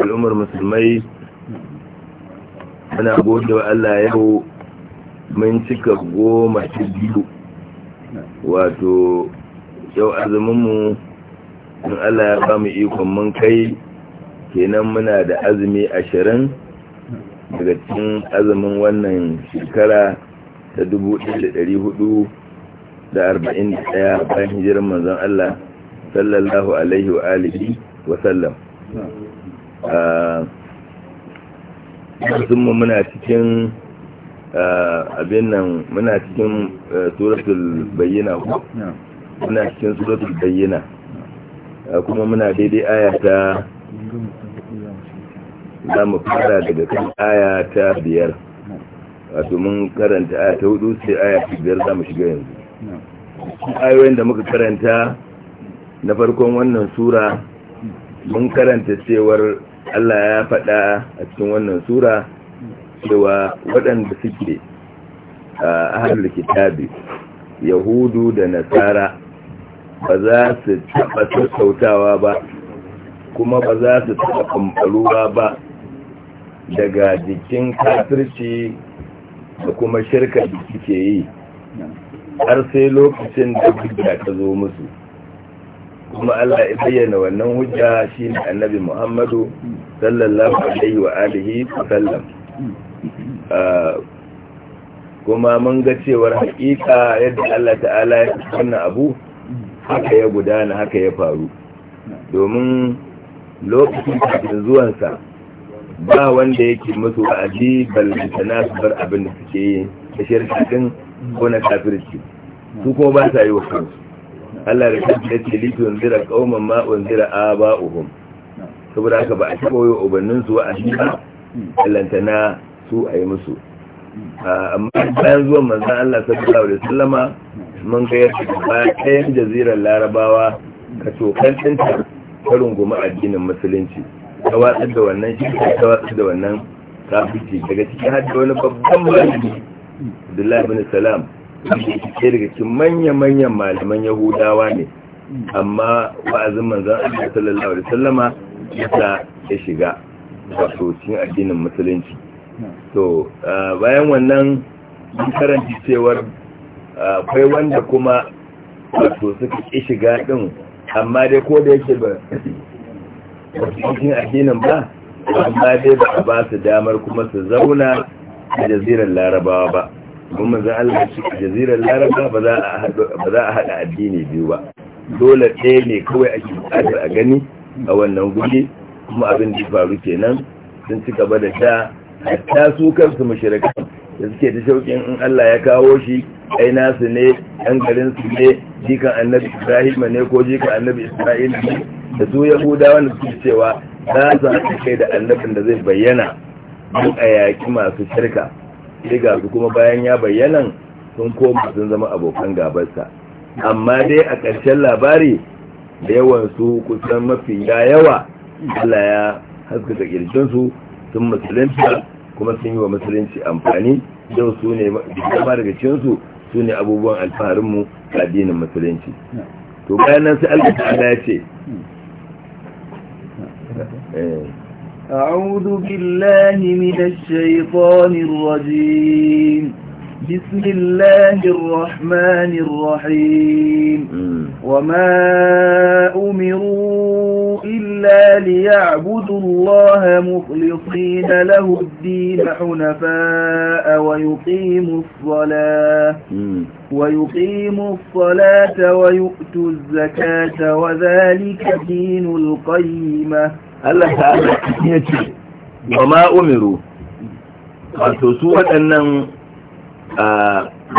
al'ummar musulmai muna gode wa Allah yau mun cika goma shi biyu wato yau azuminmu in Allah ya ba mu ikon mun kai kenan muna da azumi ashirin daga cikin azumin wannan shekara ta ɗaya bayan hijirar manzon Allah sallallahu alaihi wa alihi wa sallam Ah, mu muna cikin ah, abin nan muna cikin eh, suratul bayyana ko muna cikin suratul bayyana ah, kuma muna daidai aya ta za mu fara daga kan aya ta biyar wato mun karanta aya ta hudu sai aya ta biyar za mu shiga yanzu ayoyin da muka karanta na farkon wannan sura mun karanta cewar Allah ya faɗa a cikin wannan sura cewa waɗanda suke a kitabi yahudu da nasara ba za su taɓa sassautawa ba kuma ba za su taɓa kamfaruwa ba daga jikin kafirci da kuma shirka da suke yi har sai lokacin da ta zo musu kuma Allah ya bayyana wannan hujja shi ne annabi Muhammadu sallallahu alaihi wa alihi sallam ah, kuma mun ga cewar haƙiƙa yadda Allah ta'ala ya sanna abu haka ya gudana haka ya faru domin lokacin kafin zuwansa ba wanda yake musu wa'adi ballantana su bar abin da suke yi da shirka ko na kafirci su kuma ba sa yi Allah da kuma ya ce litun zira qauman ma unzira aba'uhum saboda haka ba a taba yi ubannin su shi ba lantana su ayi musu amma bayan zuwan manzan Allah sallallahu da sallama mun ga yadda ba ɗayan jazirar larabawa ka cokan ɗinta ta rungumi addinin musulunci ta watsar da wannan shi ta watsar da wannan kafirci daga cikin hada wani babban malami abdullahi bin salam ke daga cikin manya-manyan malaman yahudawa ne amma wa'azin manzan Allah sallallahu alaihi wasallama yasa ya shiga wato cikin addinin musulunci to bayan wannan karanta cewar akwai wanda kuma wato suka ki shiga din amma dai ko da yake ba cikin addinin ba amma dai ba a ba su damar kuma su zauna a jazirar larabawa ba kuma manzan Allah shi jazirar laraba ba za a haɗa addini biyu ba dole ɗaya ne kawai ake buƙatar a gani a wannan guri kuma abin da faru kenan sun ci gaba da sha hatta su kansu mashirikan da suke da shauƙin in Allah ya kawo shi ai nasu ne ɗan garin su ne jikan annabi Ibrahim ne ko jikan annabi Isra'il ne da su Yahuda wanda suke cewa za su haɗa kai da annabin da zai bayyana don a yaƙi masu shirka sai ga kuma bayan ya bayyana sun koma sun zama abokan gabarsa amma dai a ƙarshen labari da yawan su kusan mafi yawa Allah ya haskaka su sun musulunta kuma sun yi wa musulunci amfani yau su ne dama daga cikin su ne abubuwan alfaharinmu a addinin musulunci to bayan nan sai Allah ya ce hmm. eh, أعوذ بالله من الشيطان الرجيم بسم الله الرحمن الرحيم وما أمروا إلا ليعبدوا الله مخلصين له الدين حنفاء ويقيموا الصلاة ويقيموا الصلاة ويؤتوا الزكاة وذلك دين القيمة Allah ta'ala ya ce wa ma umiru wato su waɗannan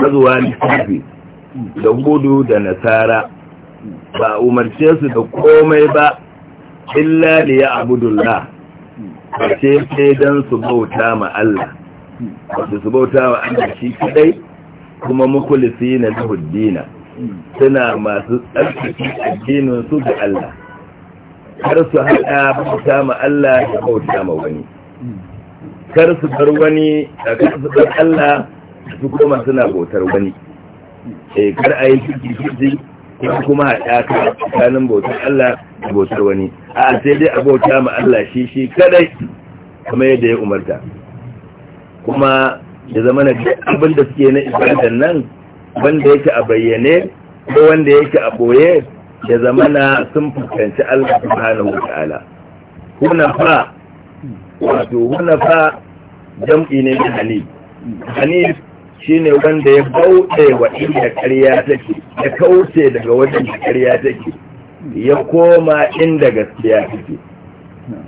mazuwa lissafi da gudu da nasara ba umarce su da komai ba illa da ya abudullah ba ce sai don su bauta ma Allah wato su bauta wa Allah shi kadai kuma mukulisi na duhuddina suna masu jinin addininsu ga Allah kar su haɗa bauta ma Allah da bauta ma wani kar su bar wani kar su bar Allah su koma suna bautar wani eh kar a yi ciki ciki ko kuma haɗa ka tsakanin bautar Allah da bautar wani a sai dai a bauta ma Allah shi shi kadai kuma yadda ya umarta kuma da zama na abin da suke na ibadar nan wanda yake a bayyane ko wanda yake a boye ya zamana sun fuskanci Allah subhanahu wa ta'ala hunafa wato hunafa jam'i ne na hanif hanif shine wanda ya bauɗe wa inda ƙarya take ya kauce daga wajen da ƙarya take ya koma inda gaskiya take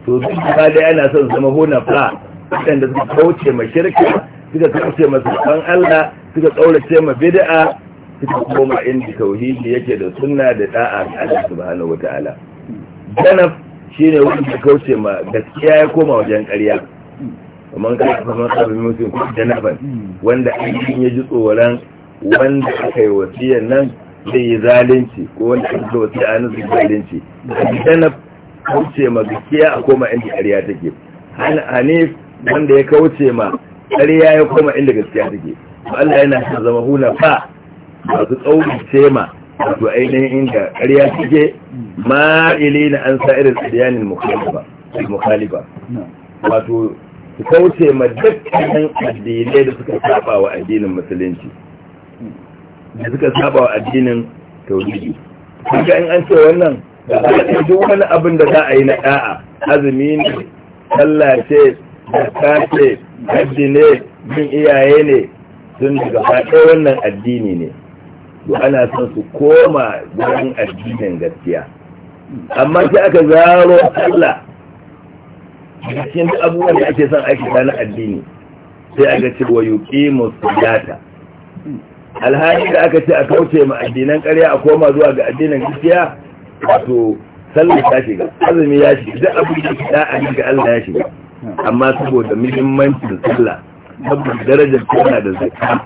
to duk ba dai ana son zama hunafa da suka kauce ma shirka suka kauce ma sabon Allah suka tsaurace ma bid'a suka koma inda tauhidi yake da sunna da da'a a Allah subhanahu wataala janab shine wanda kauce ma gaskiya ya koma wajen ƙarya kamar kai kamar sabbi mutum ko janaban wanda ainihin ya ji tsoron wanda aka yi wasiyan nan zai yi zalunci ko wanda aka yi wasiyar an zai zalunci janab kauce ma gaskiya a koma inda ƙarya take hanif wanda ya kauce ma ƙarya ya koma inda gaskiya take Allah yana zama huna fa masu tsaurin tema wato ainihin inda ƙarya suke ma'ili na an sa irin tsadiyanin mukhaliba wato su kauce ma dukkanin addinai da suka saba wa addinin musulunci da suka saba wa addinin tauhidi suka in an ce wannan da za duk wani abin da za a yi na ɗa'a, azumi ne sallah ce kace ce ne bin iyaye ne sun daga faɗo wannan addini ne to ana son su koma wurin addinin gaskiya amma sai aka zaro Allah cikin abubuwan da ake son aikata na addini sai aka ce wa yuqimu salata alhali da aka ce a kauce ma addinan ƙarya a koma zuwa ga addinin gaskiya wato sallar ta shiga azumi ya shiga duk abin da ta a ga Allah ya shiga amma saboda muhimmancin sallah saboda darajar tana da zakka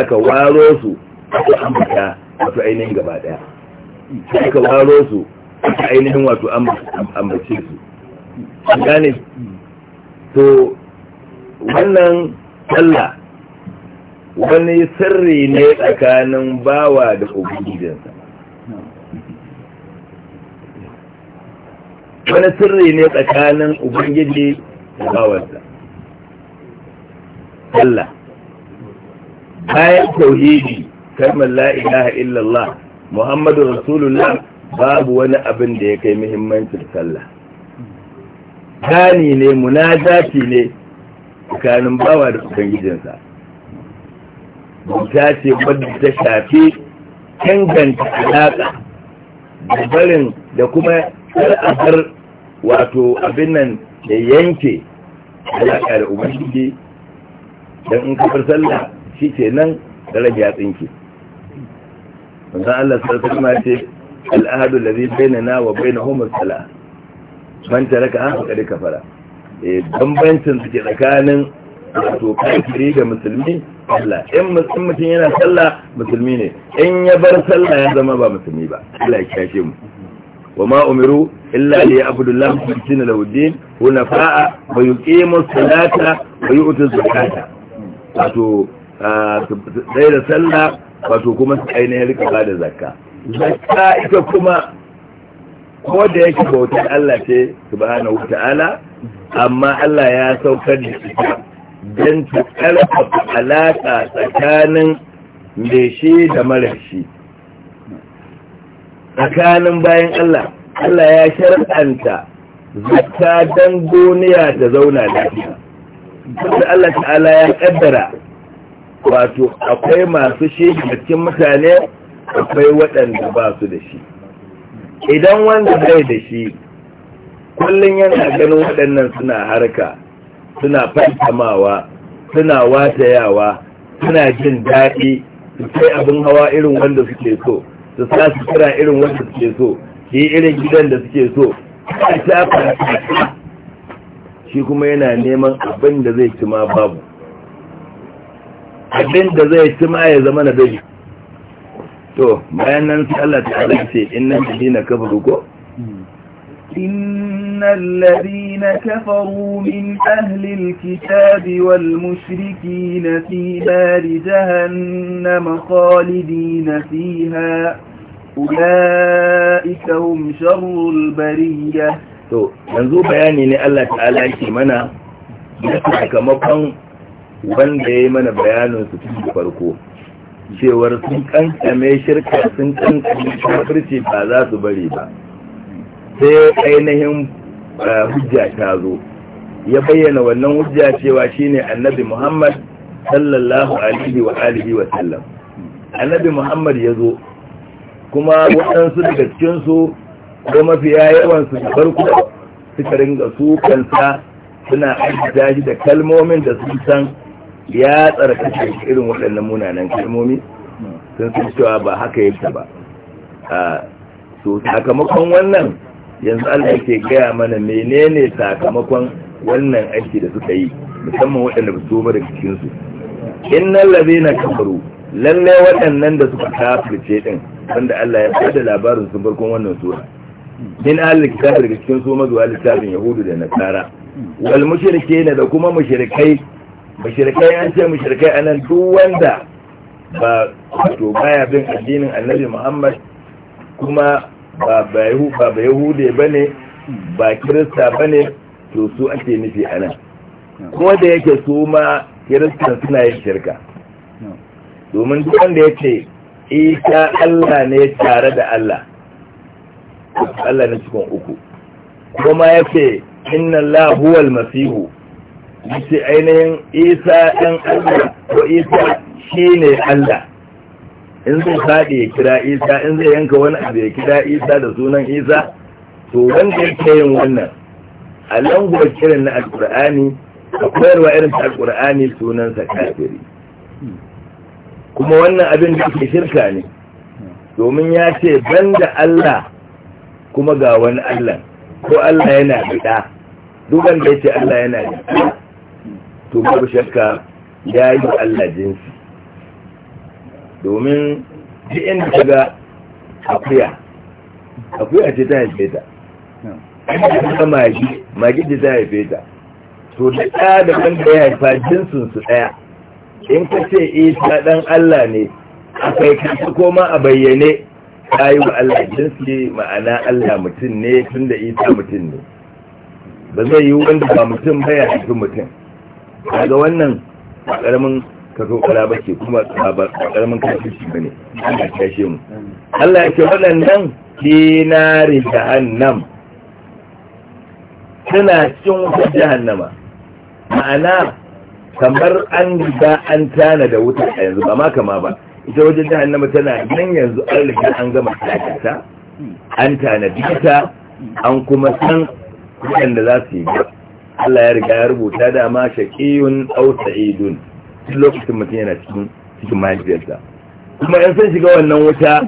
aka waro su aka ambata wato ainihin gaba daya aka waro su aka ainihin wato ambace su gane to wannan sallah wani sirri ne tsakanin bawa da ubangijinsa wani sirri ne tsakanin ubangiji da Bawansa. sallah bayan tauhidi kalmar la ilaha illallah muhammadu rasulullah babu wani abin da ya kai muhimmancin sallah gani ne munajati ne tsakanin bawa da ubangijinsa bauta ce wadda ta shafi canganta alaƙa da barin da kuma al'adar wato abin nan da yanke alaƙa da ubangiji don in kafar sallah shi ke nan da rage ya tsinki. manzo Allah sarfin ma ce al'ahadu na bainana wa na as-salah man taraka a kada kafara eh bambancin su ke tsakanin wato kafiri da musulmi Allah in mutum yana sallah musulmi ne in ya bar sallah ya zama ba musulmi ba Allah ya kashe mu Wa ma وما أمروا إلا ليعبدوا الله مخلصين له الدين ونفاء salata? الصلاة ويؤتوا الزكاة wato sai da sallah wato kuma su ainihin rika ba da zakka zakka ita kuma ko da yake bautar Allah ce subhanahu ta'ala amma Allah ya saukar da ita don ta ƙarfafa alaƙa tsakanin da shi da mara shi tsakanin bayan Allah Allah ya shar'anta zakka don duniya ta zauna lafiya. Allah ta'ala ya ƙaddara wato akwai masu shi cikin mutane akwai waɗanda ba su da shi idan wanda bai da shi kullum yana ganin waɗannan suna harka suna fantamawa suna watayawa suna jin daɗi su kai abin hawa irin wanda suke so su sa su kira irin wanda suke so su yi irin gidan da suke so shi kuma yana neman abin da zai ci babu abin da zai ci ma ya zama na daji to bayan nan sai Allah ta ala ce innan ladina kafaru ko innal ladina kafaru min ahli alkitabi wal mushrikin fi nar jahannam khalidin fiha ulaika hum sharrul bariyah to yanzu bayani ne Allah ta'ala ce mana da sakamakon wanda ya yi mana bayanin su cikin farko cewar sun kankame shirka sun kankame kafirci ba za su bari ba sai ainihin eh, hujja ta zo ya bayyana wannan hujja cewa shine annabi Muhammad sallallahu alihi wa alihi wa sallam annabi Muhammad ya zo kuma waɗansu daga ko mafiya yawan su da farko suka ringa su kansa suna aikata shi da kalmomin da sun san ya tsarkake irin waɗannan munanan kalmomi sun sun cewa ba haka yake ba a so sakamakon wannan yanzu Allah ke gaya mana menene sakamakon wannan aiki da suka yi musamman waɗanda ba su daga cikin su innal ladina kafaru lalle waɗannan da suka kafirce din wanda Allah ya bada labarin su farkon wannan sura min allah kitab kafirce cikin su mazuwa littafin yahudu da nasara wal mushrikeena da kuma mushrikai mashirkai an ce a anan duk wanda ba wato baya bin addinin annabi muhammad kuma ba ba yahude ba ne ba kirista bane ne to su ake nufi anan ko da yake su ma kiristan suna yin shirka domin duk wanda ya ce isa allah ne tare da allah allah na cikin uku kuma ya ce inna allah huwal masihu yace ainihin isa ɗan allah ko isa shi ne allah in zai faɗi ya kira isa in zai yanka wani abu ya kira isa da sunan isa to wanda yake yin wannan a languwar kiran na Alƙur'ani, a koyarwa irin ta alkur'ani sunansa kafiri kuma wannan abin da ke shirka ne domin ya ce ban da allah kuma ga wani allah ko allah yana da ɗa duban da ya ce allah yana da to babu shakka ya yi wa Allah jinsi domin ji inda ta ga akuya akuya ce ta haife ta inda ta ga magi magi ce ta haife ta to da ɗa da wanda ya haifa su ɗaya in ka ce isa eh, ɗan Allah ne a kai kansu koma a bayyane ta yi wa Allah jinsi ma'ana Allah mutum ne tun da isa mutum ne ba zai yi wanda ba mutum ba ya haifi mutum daga wannan ba ƙaramin kaso ƙala ba ce kuma ba ƙaramin shi ba ne Allah ya kashe mu Allah ya ce waɗannan dinari jahannam suna cikin wutar jahannama ma'ana kamar an riga an tana da wutar a yanzu ba ma kama ba ita wajen jahannama tana nan yanzu an riga an gama ta an tana bita an kuma san waɗanda za su yi Allah ya riga ya rubuta dama shaqiyun aw sa'idun duk lokacin mutum yana cikin mahaifiyarsa kuma yan san shiga wannan wuta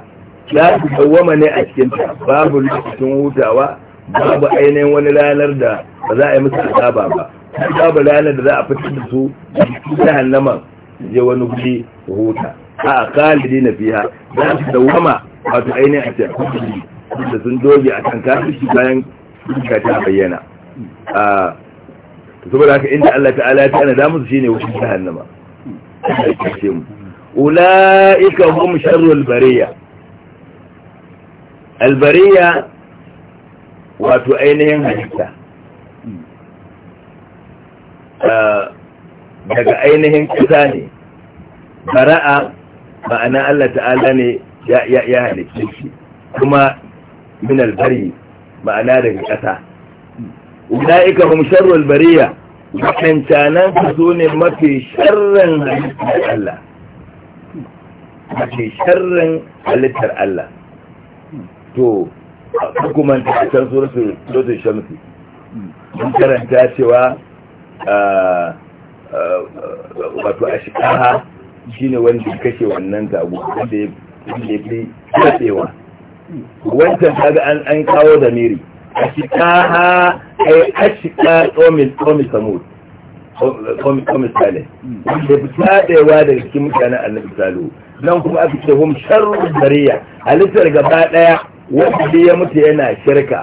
za su dawwama ne a cikin ta babu lokacin hutawa babu ainihin wani ranar da ba za a yi musu azaba ba babu ranar da za a fitar da su da hannama je wani guri huta a kalidi na fiha za su dawwama wato ainihin a cikin da sun doge a kan kafin bayan ta bayyana ah, saboda haka inda Allah ta'ala ya tana damu ne wucin jahannama ulaika hum sharrul bariya albariya wato ainihin halitta daga ainihin kasa ne bara'a ma'ana Allah ta'ala ne ya ya ya halitta shi kuma min albari ma'ana daga kasa ulaika hum sharrul bariya waɗancanan su zo ne mafi sharrin halittar Allah mafi sharrin halittar Allah to hukuman ta can suratu lotun shamsi mun karanta cewa wato a shikaha shi ne wanda kashe wannan tagu wanda ya fi tsadewa wancan kaga an kawo zamiri أشكاها أي أشكا قوم قوم ثمود قوم قوم صالح بتاده daga cikin mutanen annabi salu nan kuma aka ce hum sharru bariya halittar gaba daya wanda ya mutu yana shirka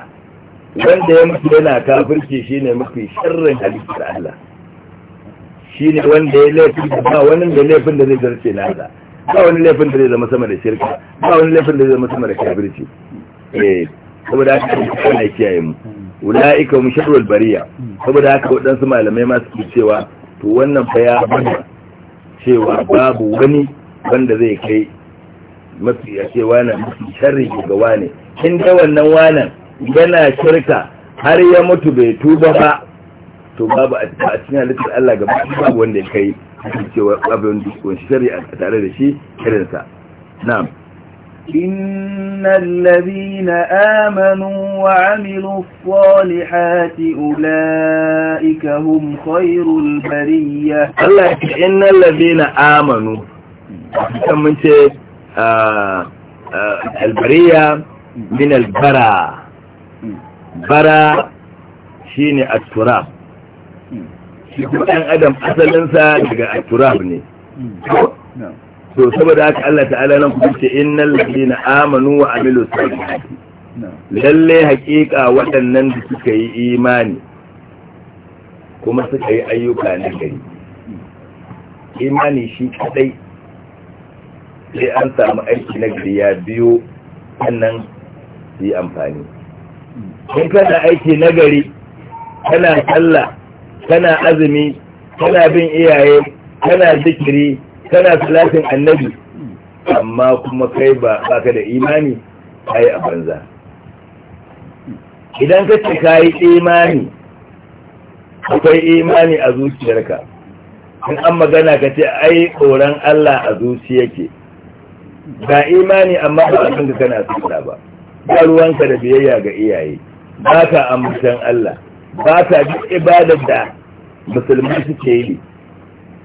wanda ya mutu yana kafirce shine mafi sharrin halittar Allah shine wanda ya laifi ba wani da laifin da zai zarce na da ba wani laifin da zai zama sama da shirka ba wani laifin da zai zama sama da kafirci eh saboda haka ne kuma ya kiyaye mu ulaika hum sharrul bariya saboda haka su malamai ma suke cewa to wannan fa ya bada cewa babu wani wanda zai kai mafi ya ce wani mafi sharri ga wane in da wannan wanan yana shirka har ya mutu bai tuba ba to babu a cikin halittar Allah ga babu wanda ya kai cewa babu wani shirri a tare da shi kirinsa na'am إن الذين آمنوا وعملوا الصالحات أولئك هم خير البرية الله إن الذين آمنوا كم أنت البرية من البرى برى شيني التراب shi أدم ɗan adam asalinsa daga turab ne to saboda haka Allah ta'ala nan kuma ce innal ladina amanu wa amilu salihati lalle haƙiƙa waɗannan da suka yi imani kuma suka yi ayyuka na gari imani shi kadai sai an samu aiki na gari ya biyo sannan yi amfani in kana aiki na gari kana sallah kana azumi kana bin iyaye kana zikiri kana salatin annabi amma kuma kai ba baka da imani kai a banza idan ka ce kai imani akwai imani a zuciyarka in an magana ka ce ai tsoron Allah a zuciyake ga imani amma ba a kanka kana sallah ba ba ruwanka da biyayya ga iyaye ba ka Allah ba ka ibadar da musulmi suke yi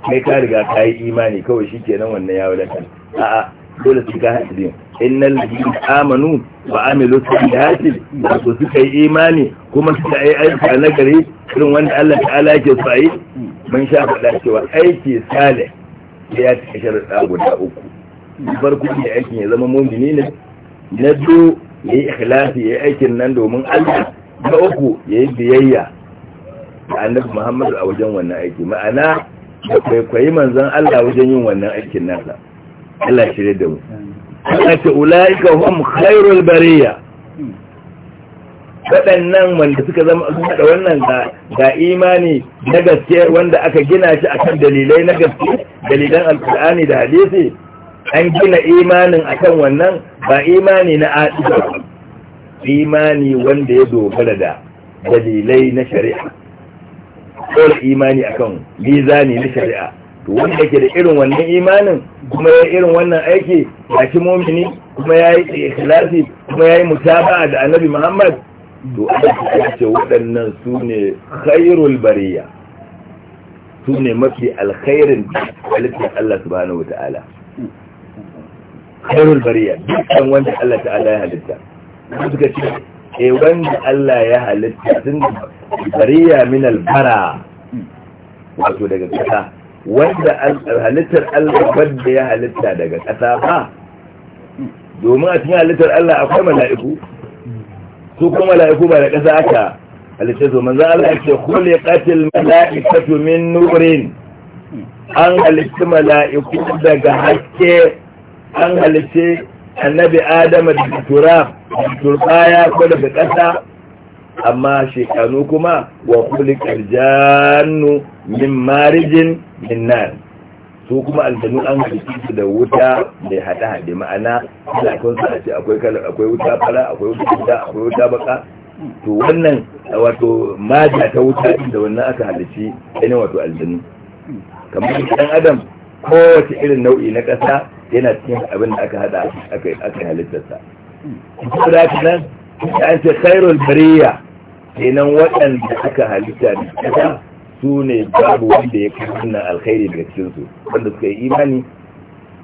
kai ka riga ka yi imani kawai shi kenan wannan ya wadata a'a dole su ka haɗe biyu innal ladina amanu wa amilu salihati su suka yi imani kuma suka yi aiki a nagari irin wanda Allah ta'ala yake so yi mun sha faɗa cewa aiki salih ya cika da guda uku farko ne aikin ya zama mumini ne na biyu ya yi ikhlasi ya yi aikin nan domin Allah na uku ya yi biyayya annabi Muhammadu a wajen wannan aiki ma'ana da kwaikwayi manzan Allah wajen yin wannan aikin nasa Allah shirye da mu Allah ce ula'ika hum khairul bariya waɗannan wanda suka zama haɗa wannan ga imani na gaske wanda aka gina shi akan dalilai na gaske dalilan alkur'ani da hadisi an gina imanin akan wannan ba imani na aɗi imani wanda ya dogara da dalilai na shari'a ɗora imani akan mizani na shari'a to wanda yake da irin wannan imanin kuma ya irin wannan aiki ya ci momini kuma ya yi ikhlasi kuma ya yi mutaba da annabi muhammad to aka ce waɗannan su ne khairul bariya su ne mafi alkhairin halittar Allah subhanahu wa ta'ala khairul bariya dukkan wanda Allah ta'ala ya halitta suka ce e wanda Allah ya halitta tun bariya min albara wato daga kasa wanda halittar Allah wadda ya halitta daga kasa ba domin a cikin halittar Allah akwai mala'iku su kuma mala'iku ba da kasa aka halitta su manzo Allah ya ce khuliqatil mala'ikatu min nurin an halitta mala'iku daga haske an halitta annabi adama da tura ya ko da ƙasa amma shekanu kuma wa kulikar jannu min marijin min nan su kuma aljanu an halittu su da wuta mai hada haɗe ma'ana ilakon su a ce akwai wuta fara akwai wuta akwai wuta baka to wannan wato maja ta wuta da wannan aka halici ne wato aljanu kamar ɗan adam kowace irin nau'i na ƙasa yana cikin abin da aka hada aka halittarsa kuma da nan an ce khairul bariya kenan waɗanda aka halitta da ƙasa su ne babu wanda ya kai wannan alkhairi daga cikinsu wanda suka yi imani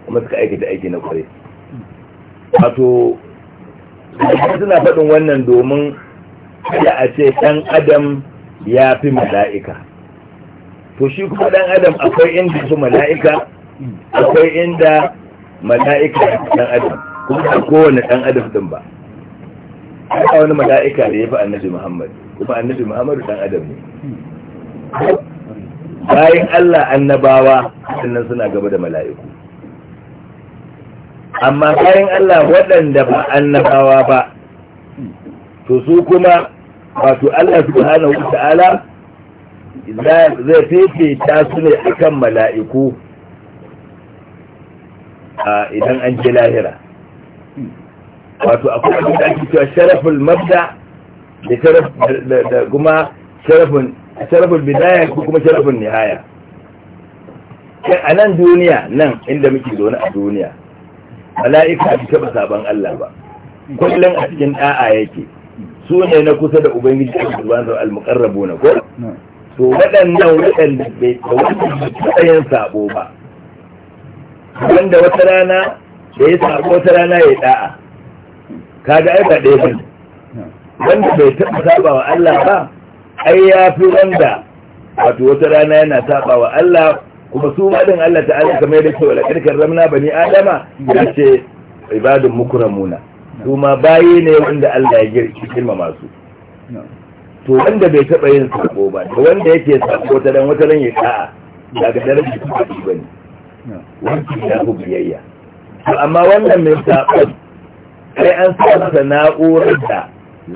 kuma suka aikata aiki na kwarai wato suna faɗin wannan domin kada a ce ɗan adam ya fi mala'ika to shi kuma dan adam akwai inda su mala'ika akwai inda mala'ika dan adam kuma ba kowane dan adam din ba a wani mala'ika da ya fi annabi muhammad kuma annabi muhammadu dan adam ne bayan allah annabawa sannan suna gaba da mala'iku amma bayan allah waɗanda ba annabawa ba to su kuma wato allah subhanahu wa ta'ala zai fifita su ne akan mala'iku idan an je lahira wato akwai abin da ake cewa sharafin mabda da kuma sharafin bidaya ko kuma sharafin nihaya a nan duniya nan inda muke zaune a duniya mala'ika bi taba sabon Allah ba kullum a cikin ɗa'a yake su ne na kusa da ubangiji a cikin zuwa al na ko to waɗannan waɗanda bai da wanda tsayen sabo ba wanda wata rana da ya sabo wata rana ya da'a kaga ai ba ɗaya bane wanda bai taɓa saba wa Allah ba ai ya fi wanda wato wata rana yana saba wa Allah kuma su ma din Allah ta'ala kamar yadda cewa laqad karramna bani adama yace ibadun mukramuna su ma bayi ne wanda Allah ya girki kilma masu to wanda bai taɓa yin sako ba da wanda yake sako ta dan wata ran ya ka'a daga darajar ta ba ne Wancan ya ku biyayya to amma wannan mai sako sai an sa masa na'urar da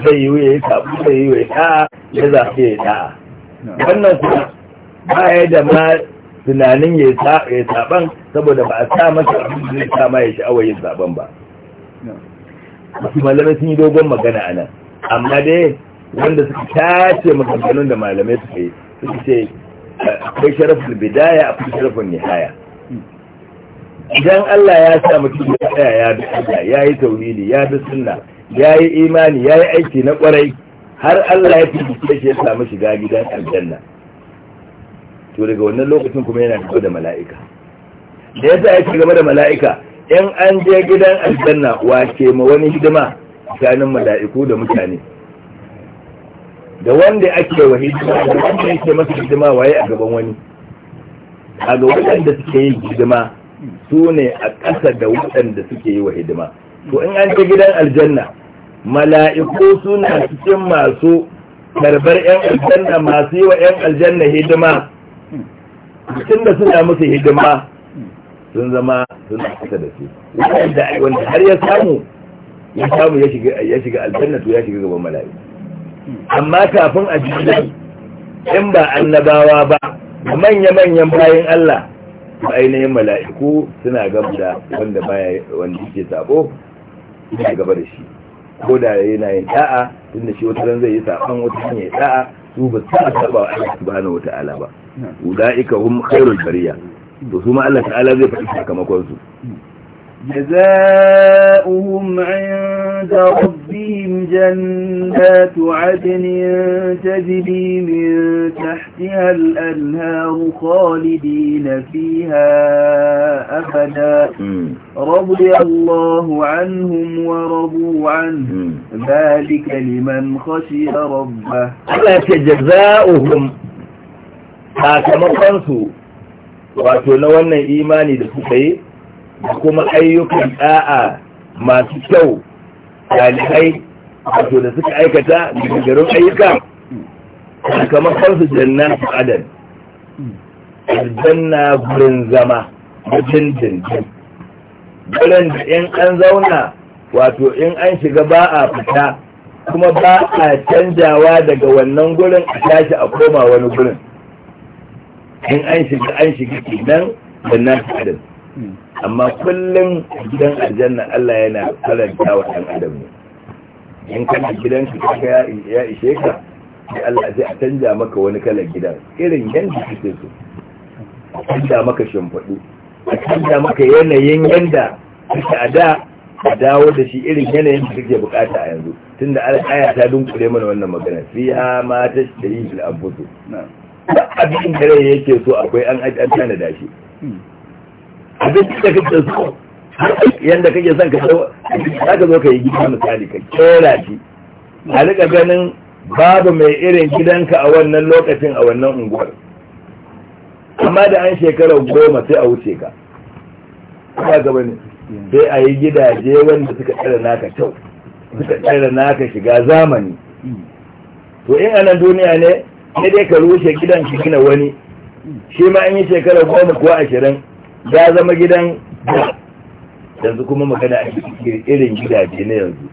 zai yi ya sako zai yi ya ka'a ya zafi ya ka'a wannan kuma ba ya da ma tunanin ya saban saboda ba a sa masa abin da zai sa ma ya sha'awar yin saban ba malamai sun yi dogon magana a nan amma dai wanda suka tace maganganun da malamai suka yi suka ce akwai sharafin bidaya kuma sharafin nihaya idan Allah ya sa mutum ya tsaya ya bi Allah ya yi taurili ya bi sunna ya yi imani ya yi aiki na kwarai har Allah ya fi shi ya samu shiga gidan aljanna to daga wannan lokacin kuma yana gaba da mala'ika da ya sa yake da mala'ika in an je gidan aljanna wa ke ma wani hidima tsakanin mala'iku da mutane da wanda ake wa hidima da wanda yake masa hidima waye a gaban wani a ga waɗanda suke yi hidima su ne a ƙasa da waɗanda suke yi wa hidima to in an ce gidan aljanna mala'iku suna cikin masu karbar 'yan aljanna masu yi wa 'yan aljanna hidima Cikin da suna musu hidima sun zama suna kusa da su wanda har ya samu ya samu ya shiga aljanna to ya shiga gaban mala'iku amma kafin a ji in ba annabawa ba manya-manyan bayan Allah ba ainihin mala'iku suna gaba da wanda baya wanda ke sabo suna gaba da shi ko da yana yin ta'a, tun da shi wata ran zai yi saban wata hanyar ta'a, su ba su saba na wata ala ba ulaika hun kairun bariya to su ma Allah ta'ala zai faɗi sakamakonsu. جزاؤهم عند ربهم جنات عدن تجري من تحتها الأنهار خالدين فيها أبدا رضي الله عنهم ورضوا عنه ذلك لمن خشي ربه ألا جزاؤهم هكما كنسوا وأتولون وانا إيماني دفعي da kuma ayyukan da'a masu kyau ɗalibai wato da suka aikata garin ayyuka sakamakon su janna su adal janna gurin zama da jirgin gurin da in an zauna wato in an shiga ba a fita kuma ba a canjawa daga wannan gurin a tashi a koma wani gurin in an shiga an shiga kenan janna su adal amma kullum gidan aljanna Allah yana faranta wa ɗan adam ne in kana gidan ka kaka ya ishe ka sai Allah sai a canja maka wani kalar gidan irin yanda kake so a canja maka shimfiɗu a canja maka yanayin yanda kake a da a dawo da shi irin yanayin da kake bukata a yanzu tunda aya ta dunkule mana wannan magana fiha ma tashtari fil anfus abin da yake so akwai an an tana da shi hmm. abinci da kake so yadda kake son ka zo za ka zo ka yi gida misali ka kera shi a rika ganin babu mai irin gidanka a wannan lokacin a wannan unguwar amma da an shekara goma sai a wuce ka ba gaba ne sai a yi gidaje wanda suka tsara naka kyau suka tsara naka shiga zamani to in anan duniya ne ne dai ka rushe gidan shi gina wani shi ma in yi shekara goma ko ashirin ya zama gidan yanzu kuma magana a cikin irin gidaje na yanzu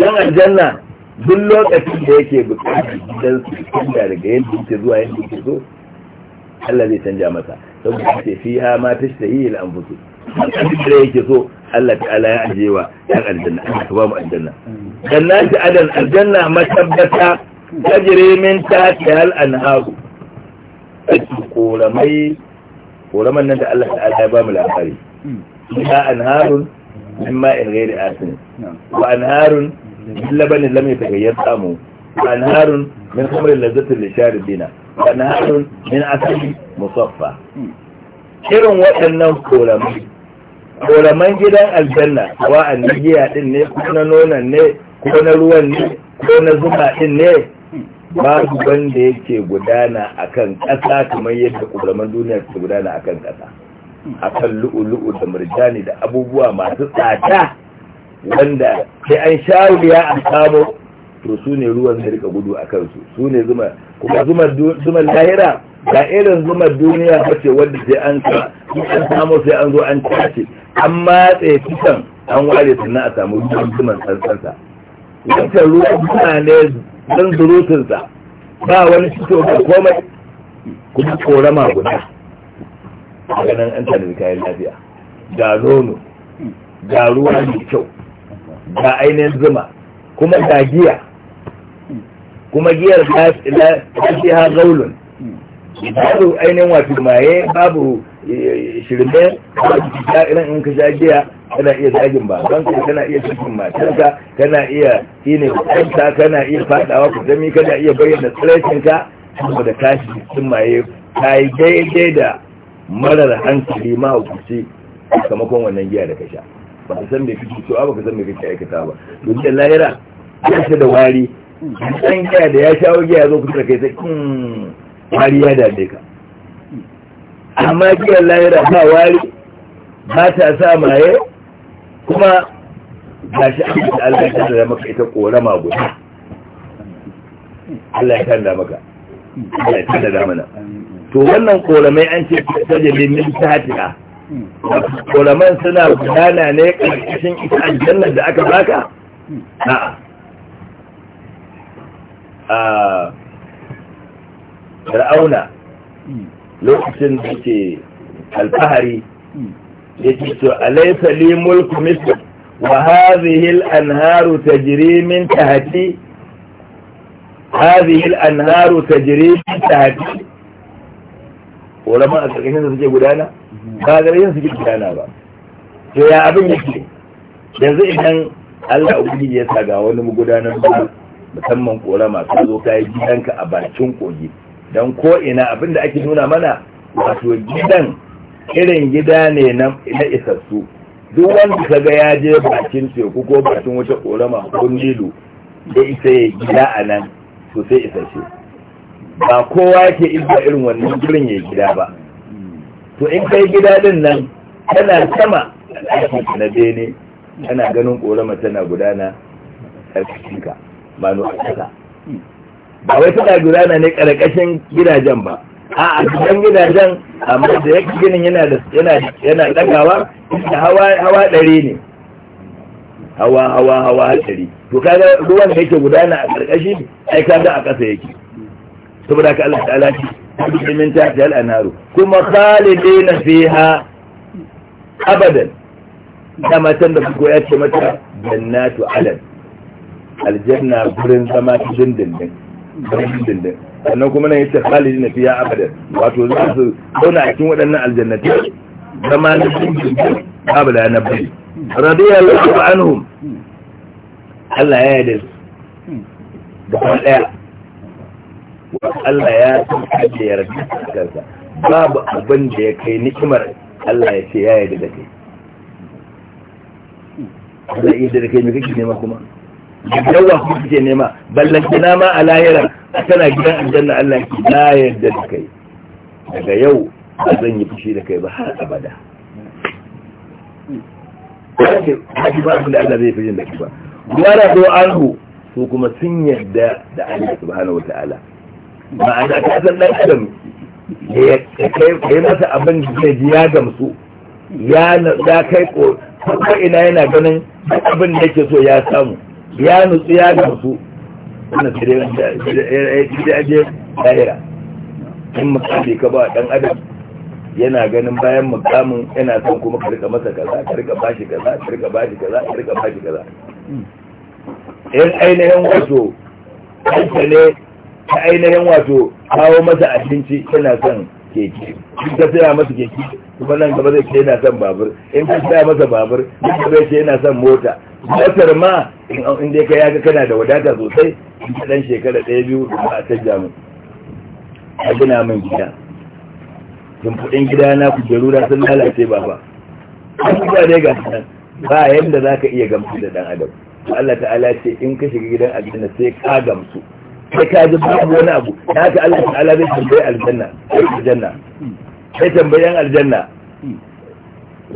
don aljanna duk lokacin da yake bukatar gidan su canza daga yadda yake zuwa yadda yake so Allah zai canja masa don ku ce fi ha ma ta shi yi al'amfusu da yake so Allah ta ala ya ajewa Dan aljanna Allah ka ba mu aljanna dan na shi adan aljanna matabbata tajire min ta ta al anharu koramai koraman nan da Allah ta'ala ya ba mu labari fiha anharun min ma'in ghairi asin wa anharun min labanin lam yataghayyar ta'amu wa anharun min khamrin lazzatin lisharibina wa anharun min asali musaffa irin waɗannan koramai koraman gidan aljanna wa'an giya din ne ko na nonon ne ko na ruwan ne ko na zuma din ne babu wanda yake gudana akan ƙasa kamar yadda ƙulaman duniya ke gudana akan ƙasa akan lu'ulu'u da murjani da abubuwa masu tsada wanda sai an ya a samo to su ne ruwan da rika gudu a kansu su ne zuma kuma zumar lahira ga irin zumar duniya ba ce wadda sai an an samo sai an zo an tace an matse fitan an ware sannan a samu ruwan zuma tsantsansa wancan ruwan suna ne don zurutunsa ba wani fito da komai kuma korama guda a ganin an tare da kayan lafiya ga nono ga ruwa mai kyau ga ainihin zuma kuma ga giya kuma giyar ta fi ha zaulun babu ainihin wato maye babu shirme ba ki ja'iran in ka jagiya kana iya zagin ba don ka kana iya cikin matarka kana iya shine kanta kana iya fadawa ku zami kana iya bayyana kuma da kashi cikin maye ta yi daidai da marar hankali ma hukunci sakamakon wannan giya da ka sha ba ka san me kake so ba ka san me kake aikata ba domin da lahira ya shi da wari dan giya da ya shawo giya zo kusa kai sai hmm, wari ya dade ka amma giyar lahira ba wari ba ta sa maye kuma ba shi an da da maka ita korama guda Allah ya tanda maka Allah ya tanda da mana to wannan koramai an ce ta jami min satiha koraman suna gudana ne karkashin ita aljannar da aka baka a'a ah, fir'auna lokacin da ke alfahari ya ce to alaisa li mulku misr wa hadhihi al-anharu tajri min tahti hadhihi al-anharu tajri min tahti ulama a karkashin suke gudana ba garkashin suke gudana ba to ya abin yake yanzu idan Allah ubangiji ya sa ga wani gudanar musamman korama masu zo ka yi gidanka a bakin kogi don ko'ina abinda ake nuna mana wato gidan irin gida ne na isassu duk wanda ka ga ya je bakin teku ko bakin wata ƙorama, ko nilu da isa ya gida a nan to sai isashe ba kowa ke ilba irin wannan gurin ya gida ba to in kai gida din nan tana sama a na bene ana ganin ƙorama tana gudana ka ba nuna ƙasa ba wai suna gudana ne karkashin gidajen ba a a cikin gidajen amma da yake ginin yana da yana yana dagawa hawa hawa dare ne hawa hawa hawa dare to kaga ruwan da yake gudana a karkashi ai kaga a kasa yake saboda ka Allah ta'ala ki min ta ta al'anaru kuma khalidina fiha abadan da matan da kuka yace mata jannatu alad aljanna gurin zama cikin dindin dindindin sannan kuma na yace khalidina fiha abada wato za su zauna a cikin waɗannan aljannati zama na dindindin abada na bari radiyallahu anhum Allah ya yarda da kuma daya Allah ya san da yarda kansa babu abin da ya kai nikimar Allah ya ce ya yarda da kai Allah ya yarda da kai me kake nema kuma yawa ku kike nema ballanki na ma a lahira tana gidan aljanna Allah ki Na yadda da kai daga yau ba zan yi fushi da kai ba har abada Haji ba abin da Allah zai fi da shi ba. Gwara zo anhu su kuma sun yarda da Allah subhanahu wa ta'ala. Ma'ana ta san ɗan adam ya yi masa abin da zai ji ya gamsu ya kai ko ina yana ganin abin da yake so ya samu. ya nutsu ya gafu ana sai je lahira in makami ka ba dan adam yana ganin bayan makamin yana son kuma ka masa kaza ka bashi kaza ka bashi kaza ka bashi kaza in ainihin wato kanta ne ta ainihin wato kawo masa abinci yana son keke duk da tsaya masa keke kuma nan gaba zai ce yana son babur in ka sa masa babur in gaba zai ce yana son mota motar ma in dai ka yaga kana da wadata sosai in ka dan shekara ɗaya biyu da ba a canja min a gina min gida kuɗin gida na kujeru na sun lalace baba an ba dai ga nan ba yadda za ka iya gamsu da ɗan adam Allah ta'ala ce in ka shiga gidan aljanna sai ka gamsu sai ka ji babu wani abu na ka Allah ta'ala zai tambaye aljanna aljanna sai tambayan aljanna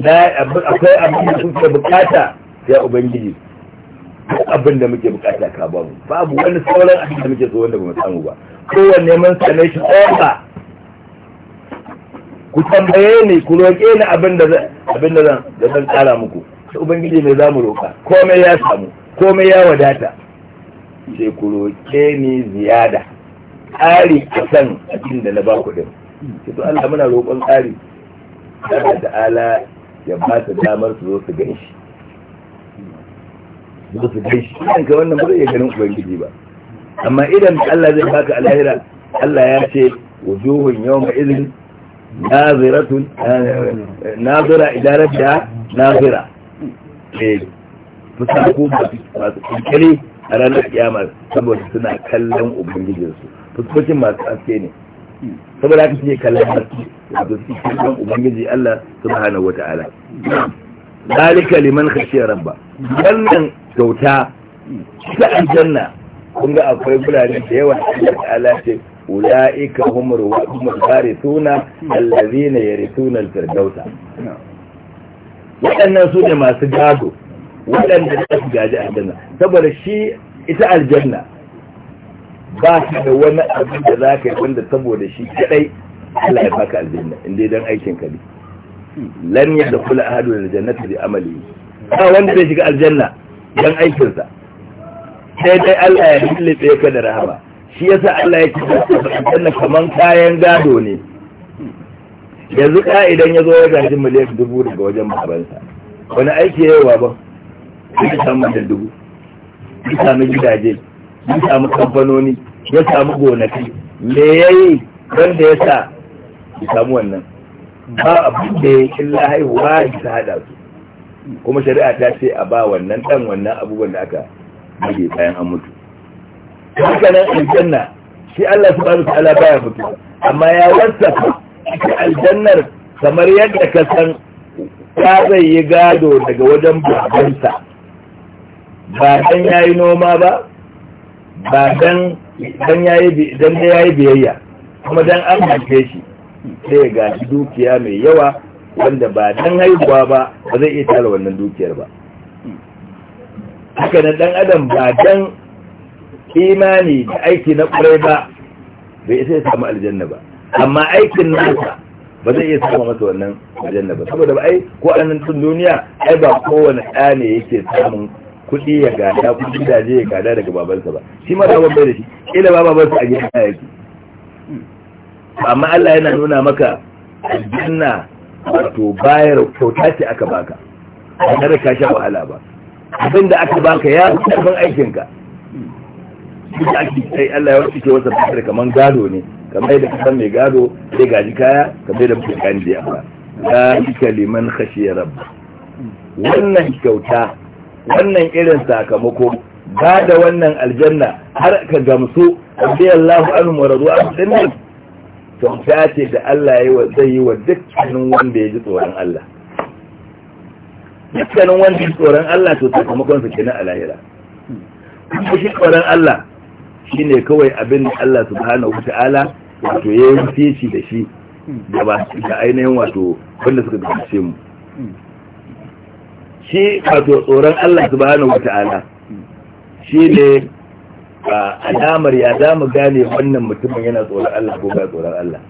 na akwai abin da suke bukata ya ubangiji abin da muke bukata ka ba mu babu wani sauran abin da muke so wanda ba mu samu ba kowanne mun same shi ƙofa ku tambaye ni ku roƙe ni abin da abin da zan da zan tsara muku sai ubangiji ne za mu roƙa komai ya samu komai ya wadata sai ku roƙe ni ziyada ƙari a san abin da na ba ku din ki to Allah muna roƙon tsari da ta'ala ya ba ta damar su zo su gan shi zo su gan shi idan ka wannan ba zai iya ganin ubangiji ba amma idan Allah zai baka alahira Allah ya ce wujuhun yawma idhin naziratun eh, nazira ila da nazira eh fusaku masu kankare a ranar kiyama saboda suna kallon ubangijinsu fuskokin masu aske ne saboda haka shi ne kallon haske wato shi kallon ubangiji Allah subhanahu wata'ala zalika liman khashiya rabba wannan kyauta ta aljanna kun ga akwai gurare da yawa Allah ta'ala ce ulaika hum ruwatum al-farithuna allazina yarithuna al-firdausa waɗannan su ne masu gado waɗanda za su gaji aljanna saboda shi ita aljanna ba shi da wani abin da za ka yi wanda saboda shi kadai Allah ya baka aljanna in dai dan aikin ka ne lan kula ahadu aljannata bi amali ba wanda zai shiga aljanna dan aikin sa sai dai Allah ya hilibe ka da rahama shi yasa Allah ya ce aljanna kaman kayan gado ne yanzu ka idan ya zo ya gaji miliyan dubu daga wajen babansa wani aiki yayi wa ba ya samu da dubu ya samu gidaje ya samu kamfanoni ya samu gonaki me ya yi wanda ya sa ya samu wannan ba abin da ya illa haihuwa ya ta hada su kuma shari'a ta ce a ba wannan dan wannan abubuwan da aka mage bayan an mutu haka nan aljanna shi Allah subhanahu wataala baya mutu amma ya wasafa ita aljannar kamar yadda ka san ta zai yi gado daga wajen babansa ba dan yayi noma ba ba dan dan yayi dan da yayi biyayya kuma dan an haife shi sai ga dukiya mai yawa wanda ba dan haihuwa ba ba zai iya tara wannan dukiyar ba haka nan dan adam ba dan imani da aiki na kurai ba bai sai samu aljanna ba amma aikin nasa ba zai iya samu masa wannan aljanna ba saboda ba ai ko a nan duniya ai ba kowane ɗa ne yake samun kuɗi ya gada kuɗi da ya gada daga babansa ba shi ma baban bai da shi ila ba babansa a gidan yake amma Allah yana nuna maka aljanna wato bayar kyauta ce aka baka ba tare ka sha wahala ba abin da aka baka ya karfin aikinka shi da ake sai Allah ya wasu ke wasa fitar kaman gado ne kamar da kasan mai gado zai gaji kaya kamar da mutum gani da yamma ya yi kaliman khashiyar rabba wannan kyauta wannan irin sakamako ba da wannan aljanna har ka gamsu radiyallahu anhu wa radu anhu dinnan to ta ce da Allah zai yi wa dukkanin wanda ya ji tsoron Allah dukkanin wanda ya ji tsoron Allah to sakamakon su kenan a lahira kuma shi tsoron Allah shi ne kawai abin da Allah subhanahu ala wato yayin fici da shi da ba da ainihin wato wanda suka shi mu shi wato tsoron Allah subhanahu wata'ala shi ne alamar ya za mu gane wannan mutumin yana tsoron Allah ko ba tsoron Allah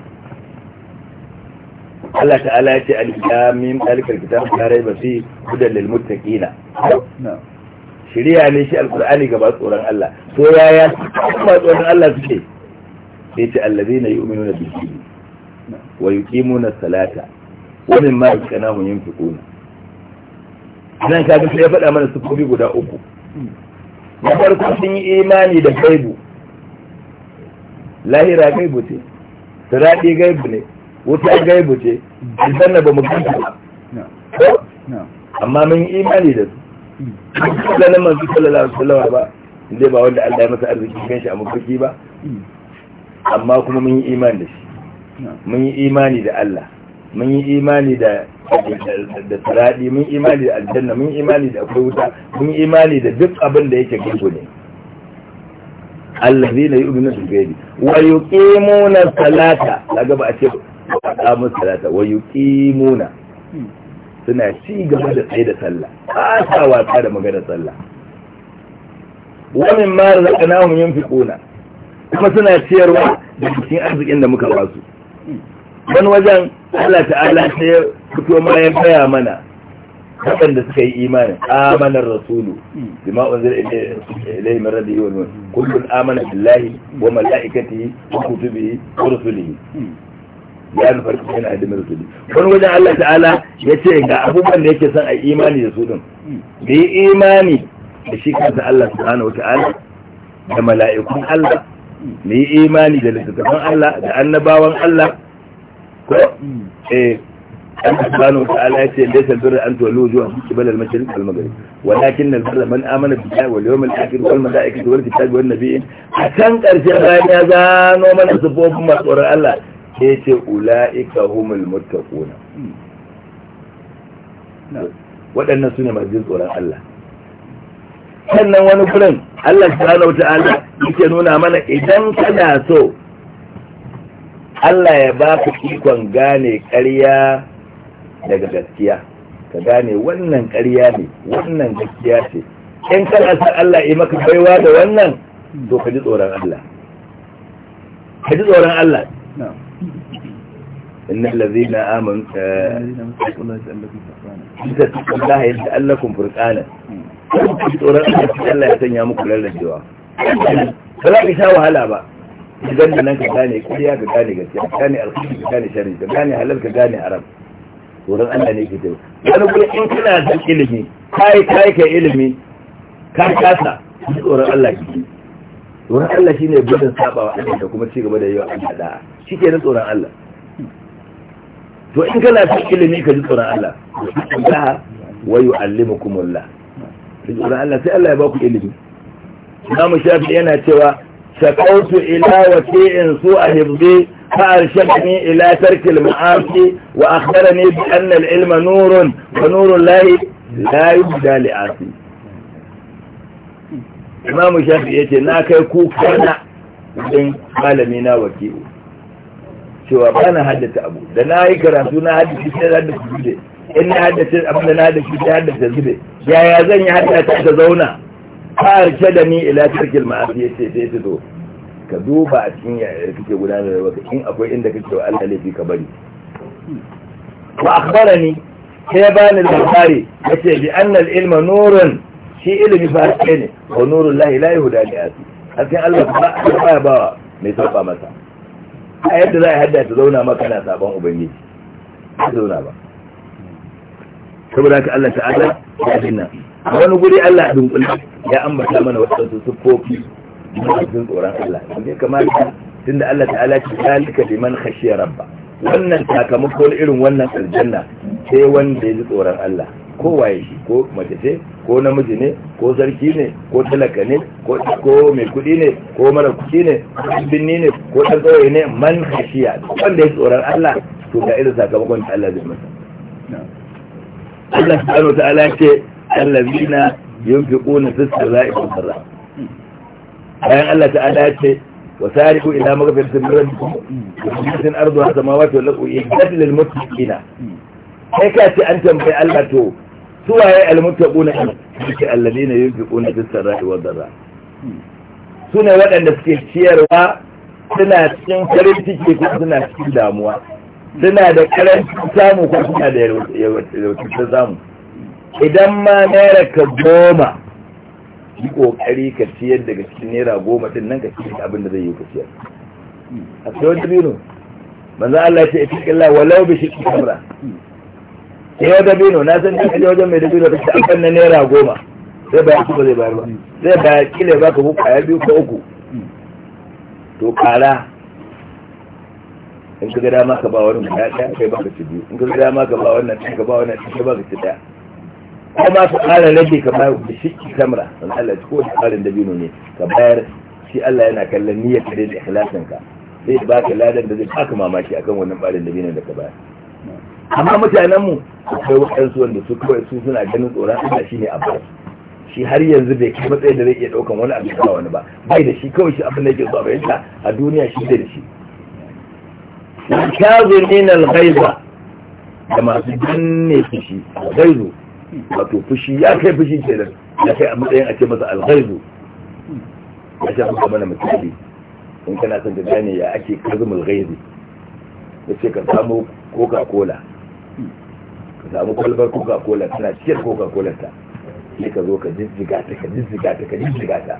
Allah ta'ala ya ce al-kamin dalikar kitab tare ba fi hudan lil muttaqina shiriya ne shi alqur'ani gaba tsoron Allah to yaya kuma tsoron Allah suke sai ce allazina yu'minuna bihi wa yuqimuna as-salata wa mimma yunfiquna zan kafin sai ya faɗa mana sufofi guda uku na farko sun yi imani da gaibu lahira gaibu ce siraɗi gaibu ne wuta gaibu ce na ba mu gaibu ba amma mun yi imani da su kuma nan masu sallallahu alaihi wasallam ba inda ba wanda Allah ya masa arziki kan shi a mafarki ba amma kuma mun yi imani da shi mun yi imani da Allah mun yi imani da da saradi mun imani da aljanna mun imani da akwai wuta mun imani da duk abin da yake gizo ne allazina na bil ghaibi wa yuqimuna salata kaga ba a ce aqamu salata wa yuqimuna suna ci gaba da tsaye da sallah ba sa wasa da magana sallah wa mimma razaqnahum yunfiquna kuma suna ciyarwa da cikin arzikin da muka ba su wani wajen Allah ta'ala ta ya fito ma ya gaya mana waɗanda suka yi imanin amanar rasulu bima unzila ilayhi da rabbihi wal kullum amanar amana billahi wa mala'ikati wa kutubihi wa rasuli ya kuma yana da rasuli wani wajen Allah ta'ala ya ce ga abubuwan da yake son a imani da su din da yi imani da shi kansa Allah subhanahu wa ta'ala da mala'ikun Allah da yi imani da littattafan Allah da annabawan Allah ko hmm. eh Allah subhanahu wa ta'ala yace laysa birra an tuwallu wujuhakum qibala al-mashriq wal maghrib walakin al-birra man amana billahi wal yawmil akhir wal malaikati wal kitabi wan nabiyyin hakan karshen bayan ya gano mana sifofin matsoron Allah sai ce ula'ika humul muttaquna waɗannan su ne masu tsoron Allah sannan wani kurin Allah subhanahu wa ta'ala yake nuna mana idan kana so Allah ya ba ku ikon gane ƙarya daga gaskiya ka gane wannan ƙarya ne wannan gaskiya ce in kan asar Allah yi maka baiwa da wannan to ka ji tsoron Allah ka ji tsoron Allah eh, inna lazi na amin ka suka Allah yadda Allah kun furƙana ka ji tsoron Allah ya sanya muku lallacewa ba za ka sha wahala ba idan nan ka gane kuriya ka gane gaskiya ka gane alkhairi ka gane sharri ka gane halal ka gane haram wurin Allah ne ke tawo wani kuma in kana da ilimi kai kai ka ilimi ka kasa tsoron Allah ke wurin Allah shine gudun sabawa Allah da kuma gaba da yawa Allah da shi ke tsoron Allah to in kana da ilimi ka ji tsoron Allah Allah wa yu'allimukumullah tsoron Allah sai Allah ya ba ku ilimi Imam Shafi yana cewa شكوت إلى وكيء سوء حفظي فأرشدني إلى ترك المعاصي وأخبرني بأن العلم نور ونور الله لا يبدى لعاصي imamu shafi ya ce na kai kuka na ɗin malami na wakilu cewa ba na haddata abu da na yi karatu na haddace sai na haddata zube in na haddata abu da na haddace sai haddata zube yaya zan yi haddata ta zauna farshe da ni ila tarkil ma'asi ya ce sai fito ka duba a cikin yaya kake gudanar da wata in akwai inda kake wa Allah laifi ka bari wa akhbara ni sai ba ni labari yace bi anna ilma nurun shi ilmi farshe ne wa nurul lahi la yuhda li asi hakan Allah ba ba mai saba masa a yadda za a hada ta zauna maka na sabon ubangiji ta zauna ba saboda ka Allah ta'ala ya dinna a wani guri Allah a dunkule ya ambata mana wasu sufofi masu tsoron Allah ne kamata tunda Allah ta'ala ce zalika liman khashiya rabba wannan sakamakon irin wannan aljanna sai wanda ya ji tsoron Allah ko waye shi ko mace ce ko namiji ne ko sarki ne ko talaka ne ko ko mai kudi ne ko mara kudi ne ko binni ne ko dan tsoye ne man khashiya wanda ya tsoron Allah to ga irin sakamakon da Allah zai masa Allah subhanahu wa ta'ala ce allazina yunfiquna fi sirri wa sirra bayan Allah ta'ala ya ce wa sariqu ila maghfiratin min rabbikum wa jannatin arduha samawati wal ardu yajid lil muttaqina sai ka ce an tambaye Allah to su waye al muttaquna shi allazina yunfiquna fi sirri wa sirra sune waɗanda suke ciyarwa suna cikin farin ciki ko suna cikin damuwa suna da karancin samu ko suna da yalwatattun samu idan ma naira ka goma yi kokari ka siyar daga cikin naira goma din nan ka ci abin da zai yi ka siyar a tsawon dabino manzo Allah ce ifi killa walau bi shi kamra yau dabino na san da kaje wajen mai dabino da akan na naira goma sai ba ku ba zai bayar ba zai ba kile ba ka bu kaya biyu ko uku to kara in ka ga dama ka ba wani ya ɗaya kai ba ka ci biyu in ka ga dama ka ba wannan ka ba wannan ka ba ka ci ɗaya ko ma su ƙara rage ka bayar da shikki samra san Allah ko da ƙarin dabino ne ka bayar shi Allah yana kallon niyyar ka da ikhlasin ka zai ka ladan da zai baka mamaki akan wannan ƙarin dabino da ka bayar amma mutanen mu akwai waɗansu wanda su kawai su suna ganin tsoron Allah shine abu shi har yanzu bai kai matsayin da zai iya daukan wani abu ba wani ba bai da shi kawai shi abin da yake so a ta a duniya shi da shi kazirin al-ghaiza da masu danne shi gaizu wato fushi ya kai fushi nan ya kai a matsayin a masa alhaizu ya sha kuka mana misali in kana son ka gane ya ake kazumul ghaibi ya ce ka samu coca cola ka samu kwalbar coca cola tana cikin coca cola ta sai ka zo ka jijjiga ta ka jijjiga ta ka jijjiga ta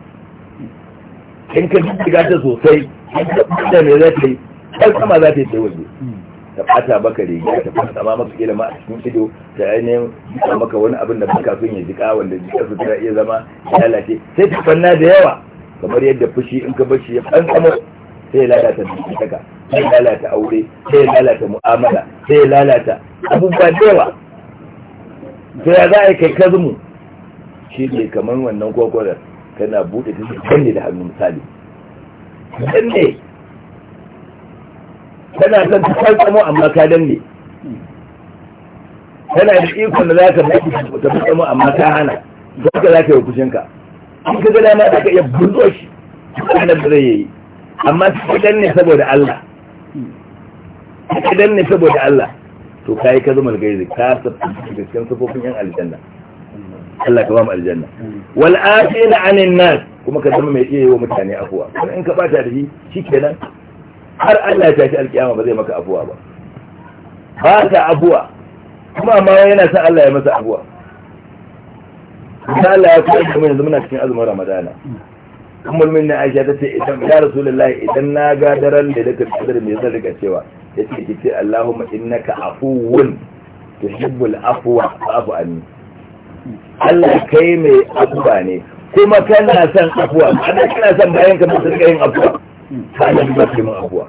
in ka jijjiga ta sosai in ka da me za ta yi har sama za ta yi ta waje ta bata maka riga ta fasa ma maka kila ma a cikin ido ta ainihin jika maka wani abin da baka sun ya jika wanda jika su tana iya zama lalace sai ta fanna da yawa kamar yadda fushi in ka bashi ya fansamo sai ya lalata dukkanka sai ya lalata aure sai ya lalata mu'amala sai ya lalata abubuwa da yawa sai ya za a kai kazmu shi ne kamar wannan kwakwarar kana buɗe ta kanne da hannu misali ne. kana son ta fantsamo amma ka danne kana da ikon da za ka baki ta tsamo amma ka hana don ka za ka yi ka, in ka gada ma aka ka iya burzo shi ranar da zai yi amma ka danne saboda Allah ka danne saboda Allah to kai ka zama gaizi ka sabbi cikin safofin yan aljanna Allah ka ba mu aljanna wal afina anin nas kuma ka zama mai iya yi wa mutane afuwa in ka bata da shi shikenan har Allah ya tashi alkiyama ba zai maka abuwa ba ba ta abuwa kuma amma yana sa Allah ya masa abuwa da Allah ya koyar da mun zama cikin azumin Ramadana min na Aisha ta ce idan ya Rasulullahi idan na ga daren da daga kadar me zan riga cewa yace ki ce Allahumma innaka afuwun tuhibbul afwa fa'fu anni Allah kai mai afuwa ne kuma kana son afuwa kana son bayan ka mutum yin afuwa ta annabi ba su yi min abuwa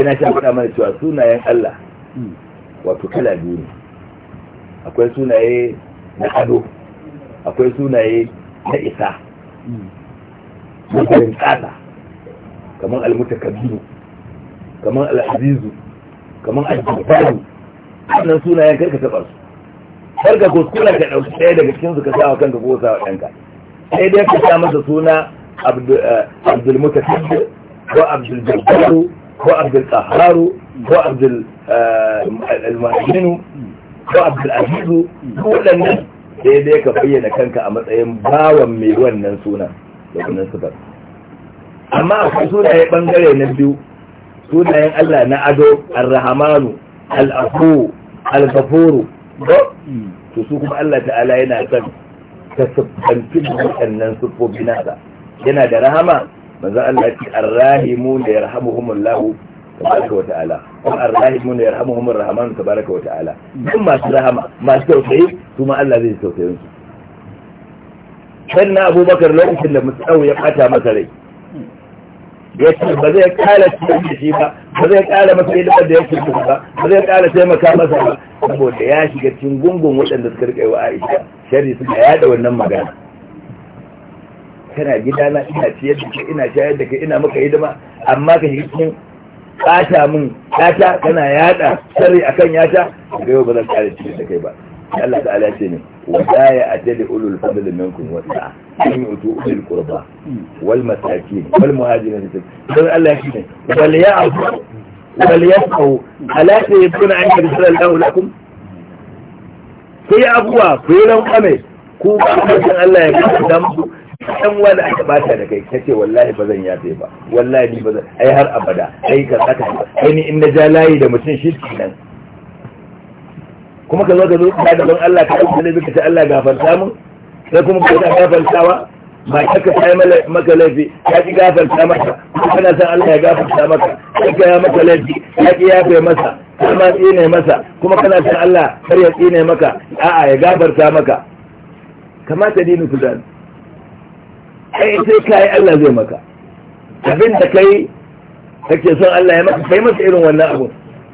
ina sha faɗa mana cewa sunayen Allah wato kala biyu ne akwai sunaye na ado akwai sunaye na isa mutarin tsada kamar Kabiru, kamar al'azizu kamar aljibaru wannan sunayen karka taɓa su karka kuskura ka ɗauki ɗaya daga cikin su ka sa wa kanka ko sa wa ɗanka Ɗaya dai ka sa masa suna عبد المتكبر وعبد الجبار وعبد القهار وعبد المؤمن وعبد العزيز waɗannan sai dai ka bayyana kanka a matsayin bawan mai wannan suna da wannan sifar amma suna sunaye bangare na biyu sunayen Allah na ado ar-rahamanu al-afu al ba, to su kuma Allah ta'ala yana son ka sabbanci waɗannan sifofi nasa yana da rahama manzo Allah arrahimu yarhamuhumullahu tabaraka wata'ala arrahimu yarhamuhumur rahman tabaraka wata'ala duk masu rahama masu tausayi Allah zai tausaye su sannan abubakar lokacin da mutsau ya ɓata masa rai ya ce ba zai kala cikin shi ba ba zai kala masa da ya ba ba zai kala taimaka masa ba saboda ya shiga cikin gungun waɗanda suka rika yi wa aisha shari suka yada wannan magana kana gidana ina ciyar da kai ina shayar da kai ina maka hidima amma ka shiga cikin kata mun yata kana yada sarri akan yata ga yau ba zan kare ciki da kai ba Allah ta'ala ce ne wa la ya'tadi ulul fadli minkum wa sa'a in yutu ulul qurba wal masakin wal muhajirin dan Allah ya ce wal ya'fu wal yasqu ala tayyibuna an yabsala Allahu lakum ku yi abuwa ku yi ranƙwame ku ba Allah ya kasance musu Ɗan wani aka bata da kai ta ce wallahi ba zan yafe ba wallahi ni ba zan ai har abada ai ka saka ai ni in na ja layi da mutum shi nan. kuma ka zo ka zo ka daban ban Allah ka dauke laifi ka ce Allah gafarta mun sai kuma ka ta gafartawa ba ka ka sai maka laifi ka ki gafarta maka kana san Allah ya gafarta maka ka ki ya maka laifi ka ki yafe masa kuma tsine masa kuma kana san Allah kar ya tsine maka a'a ya gafarta maka kamata dinu ku zan ai sai kai Allah zai maka abin da kai kake son Allah ya maka kai masa irin wannan abu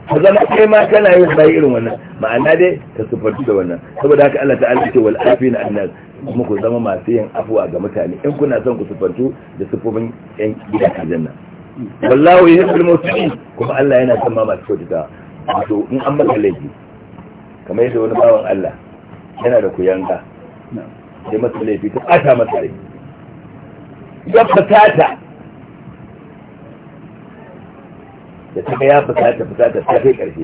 ka zama kai ma kana yin bai irin wannan ma'ana dai ka sufarci da wannan saboda haka Allah ta'ala ce wal afina annas kuma ku zama masu yin afuwa ga mutane in kuna son ku sufantu da sufofin yan gidan aljanna wallahu yuhibbul muttaqin kuma Allah yana son ma masu kyautata wato in an maka laifi kamar yadda wani bawan Allah yana da kuyanga sai masa laifi ta ɓata masa laifi يبقى تاتا يا بتاتا بتاتا تاتيك أرشي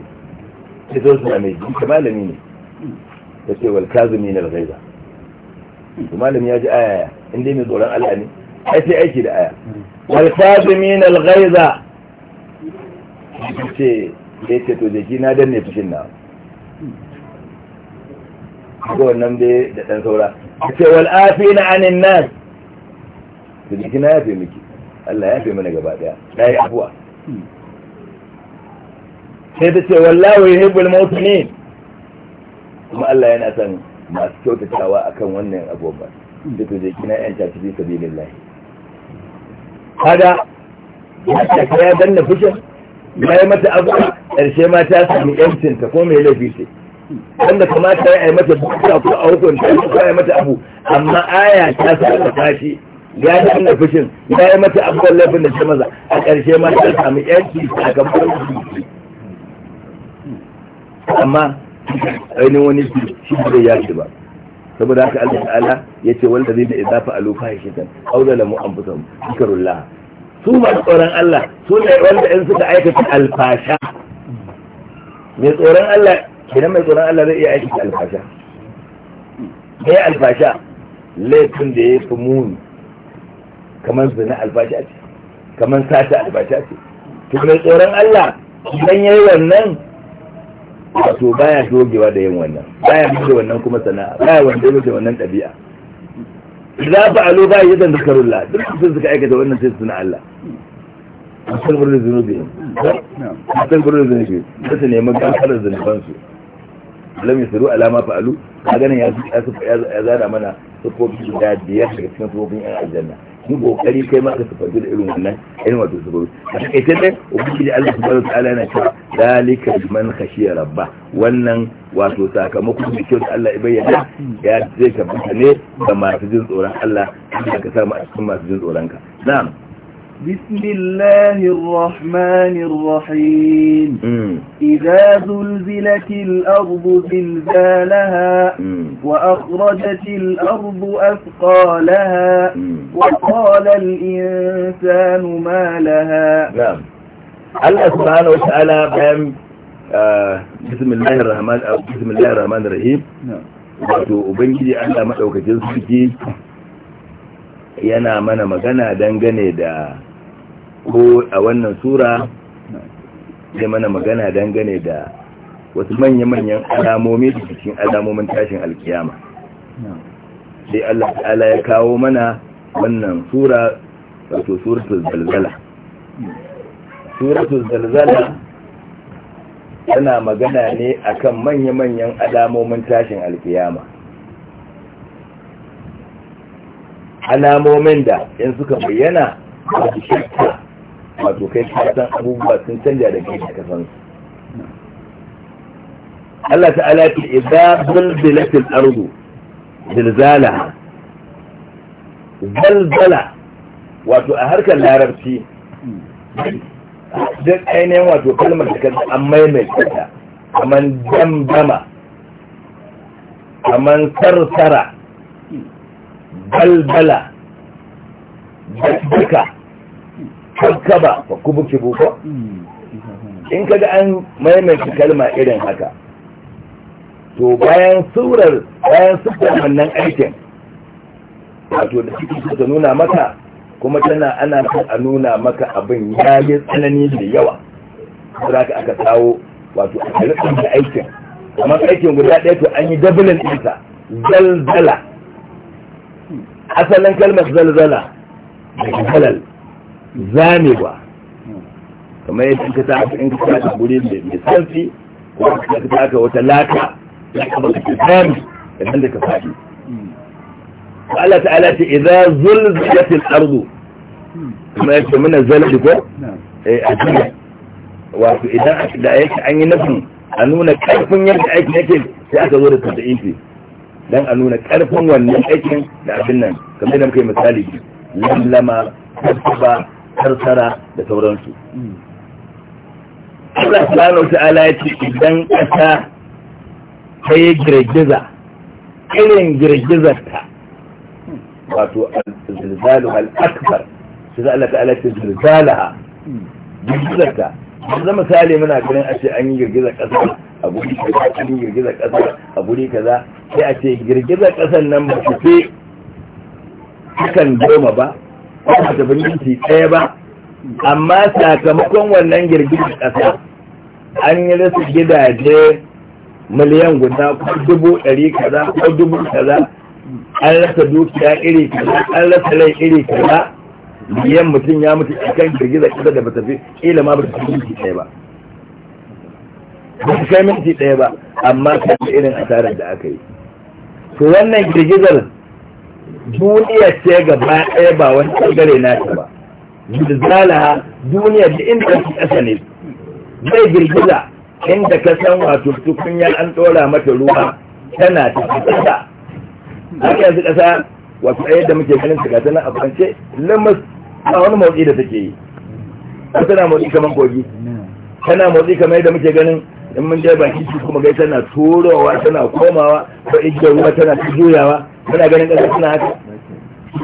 تدوز مأميز انت ما لمين تشي والكاظمين الغيظة وما لم يجي آية اندي من دولان ألعني حيث يعيش الآية والكاظمين الغيظة تشي ليس تدجي نادر نفسنا والآفين عن الناس su jikin na yafe miki Allah yafe mana gaba daya na yi abuwa sai ta ce wallawa ya hibbul mautu ne kuma Allah yana son masu kyautatawa akan wannan abubuwa da ta na yanta ta fi sabilin lahi kada ya shaka ya danna fushin ya yi mata abuwa ƙarshe ma ta sami yancin ta ko mai laifi ce wanda kamata ya yi mata bukuta ko a hukunta ko ya yi mata abu amma aya ta sa ta fashi ya ji an fushin ya yi mata abubuwan laifin da ta maza a ƙarshe ma ta sami yanki sakamakon musulunci amma ainihin wani shi ba zai yashi ba saboda haka Allah ta'ala ya ce wanda zai da idafa a lufa ya shitan auzala mu an fusa zikarullah su masu tsoron Allah su ne wanda in suka aikata alfasha mai tsoron Allah idan mai tsoron Allah zai iya aikata alfasha mai alfasha laifin da ya fi muni kamar zina albasha ce kamar sata albasha ce to mai tsoron Allah idan yayi wannan wato baya dogewa da yin wannan baya da wannan kuma sana'a baya wanda da wannan ɗabi'a za fa'alu ba yi zikrullah duk sun suka aikata wannan sai suna Allah musul burin zunubi musul burin zunubi da su nemi gafarar su lam yasiru ala ma fa'alu ka ganin ya zara mana sufofi da biyar daga cikin sufofin yan aljanna yi kokari kai ma ka sifatu da irin wannan irin wato su a takaice dai ubangiji Allah subhanahu ta'ala yana cewa dalika man khashiya rabba wannan wato sakamakon da kyau da Allah ya bayyana ya zai tabbata ne ga masu jin tsoron Allah Allah ka samu a cikin masu jin tsoron ka na'am بسم الله الرحمن الرحيم م. إذا زلزلت الأرض زلزالها وأخرجت الأرض أثقالها وقال الإنسان ما لها نعم الله سبحانه وتعالى بهم آه، بسم الله الرحمن أو آه، بسم الله الرحمن الرحيم نعم وبنجي الله مدوكتين يا نعم أنا magana dangane ده ko a wannan sura zai mana magana dangane da wasu manya-manyan alamomi da cikin alamomin tashin alkiyama sai Allah ta'ala ya kawo mana wannan sura wato suratul zalzala suratul zalzala tana magana ne akan manya-manyan alamomin tashin alkiyama alamomin da in suka bayyana da shakka wato kai ka san abubuwa sun canja da kai ka san Allah ta'ala ya ce idza zulzilatil ardu zilzalaha zalzala wato a harkar larabci duk ainihin wato kalmar da kanta an maimaita ta kamar dambama kamar sarsara balbala da kankaba ba kubu kibu ko in kaga an maimaita kalma irin haka to bayan surar bayan surar wannan aikin wato da suke ta nuna maka kuma tana ana son a nuna maka abin ya yi tsanani da yawa za ka aka kawo wato a rikin da aikin kamar aikin guda ɗaya to an yi dabilin ɗinsa zalzala asalin kalmar zalzala da halal ba kamar yadda in ka aka in ka taka guri mai sarfi ko ka taka wata lata ya kama ka ta zane da ka faɗi Allah ta'ala ce idza zulzilatil ardu kuma yake muna zalbi ko eh a duniya wato idan da yake an yi nufin a nuna karfin yadda aikin yake sai aka zo da tabi'i dan a nuna karfin wannan aikin da abin nan kamar da muka yi misali lamlama tabba karsara da sauransu Allah subhanahu ta'ala ya ce idan ƙasa ta yi girgiza irin girgizarta wato zilzalu al-akbar za Allah ta'ala ce zilzalaha girgizarta yanzu misali muna ganin a ce an yi girgizar ƙasa a guri kaza an yi girgizar ƙasa a guri kaza sai a ce girgizar ƙasar nan ba su fi hakan goma ba ba ta binci ɗaya ba amma sakamakon wannan girgizar ƙasa an yi rasa gidaje miliyan guda ko dubu ɗari kaza ko dubu kaza an rasa dukiya iri kaza an rasa rai iri kaza biyan mutum ya mutu a kan girgizar ƙasa da ba fi ila ma ba ta fi minti ɗaya ba ba ta kai minti ɗaya ba amma kan irin asarar da aka yi to wannan girgizar duniya ce gaba ɗaya ba wani ɓangare na ta ba zala duniya da inda ta ƙasa ne zai girgiza inda ka san wato tukunya an ɗora mata ruwa tana ta ƙasa kan su ƙasa wato ɗaya da muke ganin su gata na a kwance lamas a wani motsi da take yi ko tana motsi kamar kogi tana motsi kamar yadda muke ganin in mun je baki shi kuma gai tana turowa tana komawa ko ijiyar ruwa tana ta juyawa muna ganin ƙasa suna haka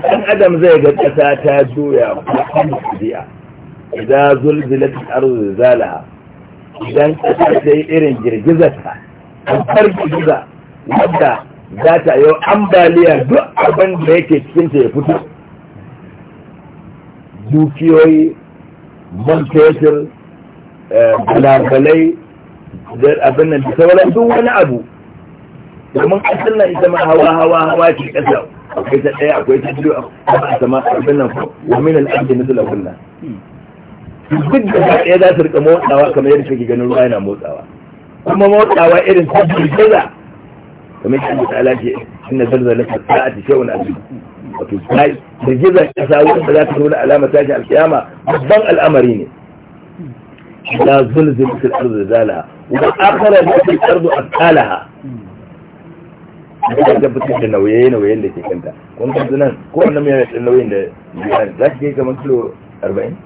ɗan adam zai ga ƙasa ta doya ko kan jiya idan zulzilat arzu zala idan ƙasa ta yi irin girgizarta kamar girgiza wadda za ta yau ambaliya duk abin da yake ta ya fito dukiyoyi man eh, balabalai abin nan da sauran duk wani abu domin ƙasar na ita ma hawa hawa hawa ce ƙasa akwai ta ɗaya akwai ta biyu a sama a sama abin nan wa min al'abdi na sula kunna duk da ba ɗaya za su rika motsawa kamar yadda kake ganin ruwa yana motsawa kuma motsawa irin ta jirgiza kamar yadda ta alaƙe inda zalzala ta sa'ati shawun azumi wato sai girgizar ƙasa wanda za ta nuna alamar tashi alƙiyama. babban al'amari ne la zulzul fil ardi zalaha wa akhara fil ardi asalaha da tabbatar da nauye-nauyen da ke kanta kun kanzu nan ko wannan mai da nauyin da biyar za ki kai kamar kilo 40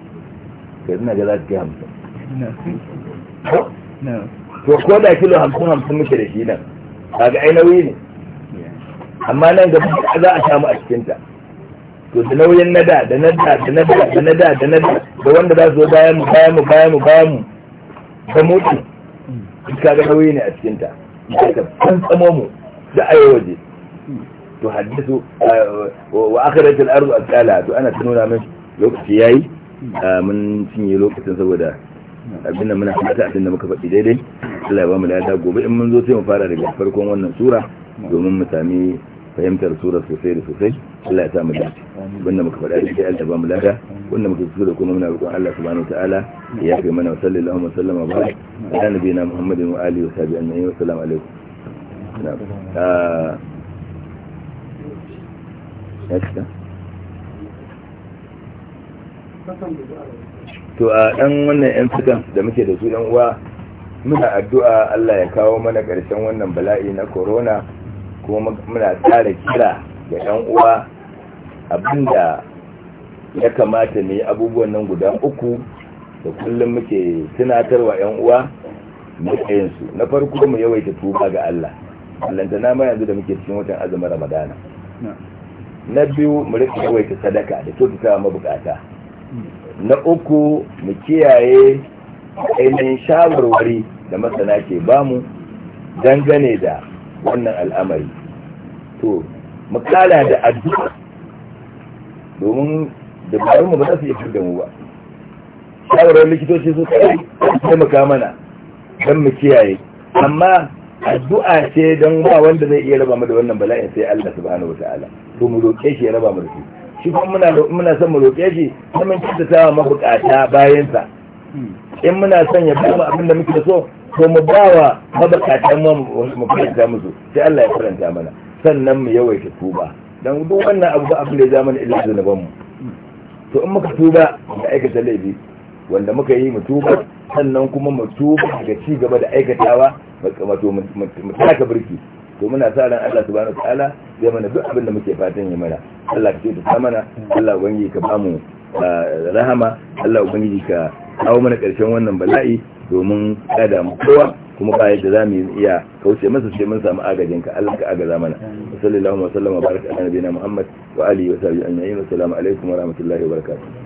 ka zina ga za ki kai hamsin to ko da kilo hamsin hamsin muke da shi nan kaga ai nauyi ne amma nan gaba za a samu a cikinta to da nauyin na da da na da da na da da na da da na da da wanda za su zo bayan mu bayan mu bayan mu bayan mu da mutu kaga nauyi ne a cikinta ka san tsamo mu da ai waje to hadisu wa akhirat al-ardu atkala to ana tunona min lokaci yayi mun cinye lokacin saboda abinda muna fata abinda muka faɗi daidai Allah ya ba mu lada gobe in mun zo sai mu fara daga farkon wannan sura domin mu sami fahimtar sura sosai da sosai Allah ya sa mu dace wanda muka faɗa da Allah ya ba mu lada wanda muka tsura kuma muna roƙon Allah subhanahu wataala ya yafe mana wa sallallahu alaihi wa sallama wa barik ala nabiyina Muhammadin wa alihi wa sahbihi ajma'in wa assalamu alaikum to a ɗan wannan 'yan fitan da muke da su uwa muna addu'a Allah ya kawo mana ƙarshen wannan bala'i na corona kuma muna tsara kira ga 'yan uwa abinda ya kamata ne abubuwan nan guda uku da kullum muke tunatarwa 'yan uwa matsayinsu na farko mu yawaita tuba ga Allah lantana ma yanzu da muke cikin watan azumin ramadana na biyu mu rika yawaita sadaka da kyautata mabukata na uku mu kiyaye ainihin shawarwari da masana ke bamu dangane da wannan al'amari to makala da addu'a domin mu ba za su yi da mu ba shawarwar likitoci su kai taimaka mana don mu kiyaye amma addu'a ce don ba wanda zai iya raba mu da wannan bala'in sai Allah subhanahu wataala to mu roƙe shi ya raba mu da shi shi kuma muna muna son mu roƙe shi kuma mun ta mu bukata bayan sa in muna son ya ba mu abin muke so to mu ba wa mabukatan mu faranta musu sai Allah ya faranta mana sannan mu yawaita tuba dan duk wannan abu ba abin da ya zama illa zanuban mu to in muka tuba da aikata laifi wanda muka yi mu tuba sannan kuma mu tuba ga ci gaba da aikatawa wato mu taka birki to muna sa ran Allah subhanahu wataala zai mana duk abin da muke fatan ya mana Allah ka ce ta mana Allah ubangiji ka mu ah, rahama Allah ubangiji ka kawo mana karshen wannan bala'i domin kada mu kowa kuma ba yadda za mu iya kauce masa sai mun samu agajin ka Allah ka agaza mana sallallahu alaihi wa sallam wa baraka ala nabiyina muhammad wa alihi wa sahbihi ajma'in assalamu alaikum wa rahmatullahi wa barakatuh